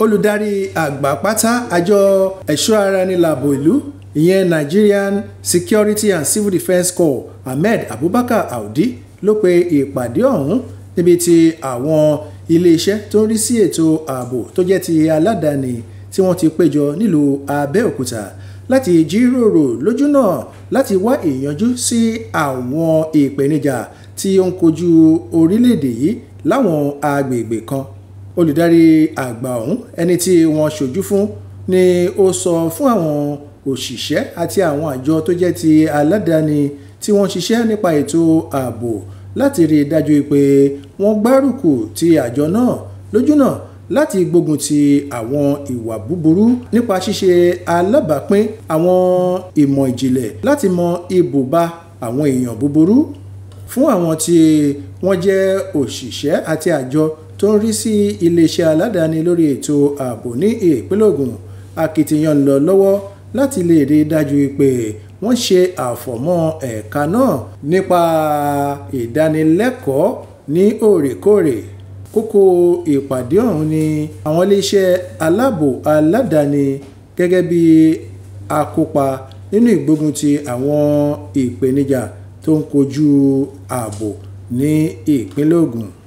olùdarí àgbà pátá àjọ ẹ̀ṣọ́ ara ní làbò ìlú ìyẹn Nigerian Security and Civil Defence Corps Ahmed Abubakar Audi ló pe ìpàdé ọ̀hún níbi tí àwọn iléeṣẹ́ tó ń rí sí ètò ààbò tó jẹ́ ti aládàáni tí wọ́n ti péjọ nílùú Abẹ́òkúta láti jíròrò lójúnà láti wá ìyanjú sí àwọn ìpèníjà tí ó ń kojú orílẹ̀-èdè yìí láwọn agbègbè kan olùdarí àgbà ọ̀hún ẹni tí wọ́n ṣojú fún ni ó sọ fún àwọn òṣìṣẹ́ àti àwọn àjọ tó jẹ́ ti aládàáni tí wọ́n ṣiṣẹ́ nípa ètò ààbò láti rí i dájú pé wọ́n gbárùkù ti àjọ náà lójúnà láti gbógun ti àwọn ìwà búburú nípa ṣíṣe alábàápín àwọn ìmọ̀ ìjìnlẹ̀ láti mọ ibùba àwọn èèyàn búburú fún àwọn tí wọ́n jẹ́ òṣìṣẹ́ àti àjọ tó ń rí sí iléeṣẹ́ aládàáni lórí ètò ààbò ní ìpínlẹ̀ Ògùn akitiyan lọ lọ́wọ́ láti lè rí i dájú pé wọ́n ṣe àfọ̀mọ́ ẹ̀ka náà nípa ìdánilẹ́kọ̀ọ́ ní òrèkóòrè kókó ìpàdé ọ̀hún ni àwọn iléeṣẹ́ aláàbò aládàáni gẹ́gẹ́ bí akópa nínú ìgbógun àwọn ìpèníjà tó ń kojú ààbò ní ìpínlẹ̀ Ògùn